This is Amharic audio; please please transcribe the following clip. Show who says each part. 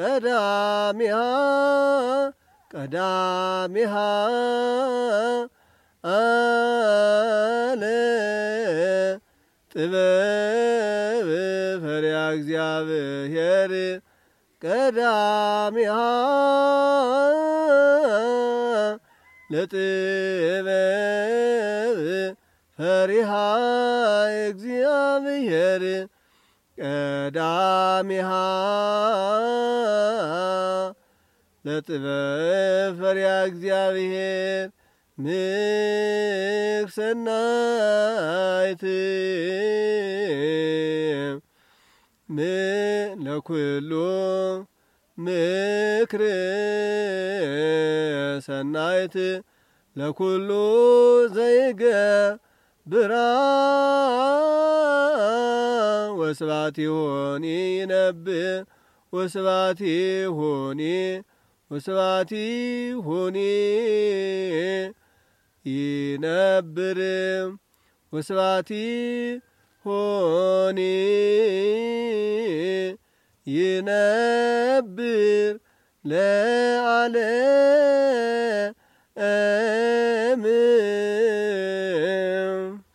Speaker 1: ቀዳሚሃ ቀዳሚሃ አለ ጥበብ ፈሪያ እግዚአብሔር ቀዳሚሃ ለጥበብ ፈሪሃ እግዚአብሔር ቀዳሚሃ ለጥበብ ፈሪሃ እግዚአብሔር ምክሰናይትም ለኩሉ ምክር ሰናይት ለኩሉ ዘይገ ብራ ወስባት ይሆኒ ይነብ ወስባት ይሆኒ ወስባት ይሆኒ ይነብር ወስባት ሆኒ ይነብር ለዓለም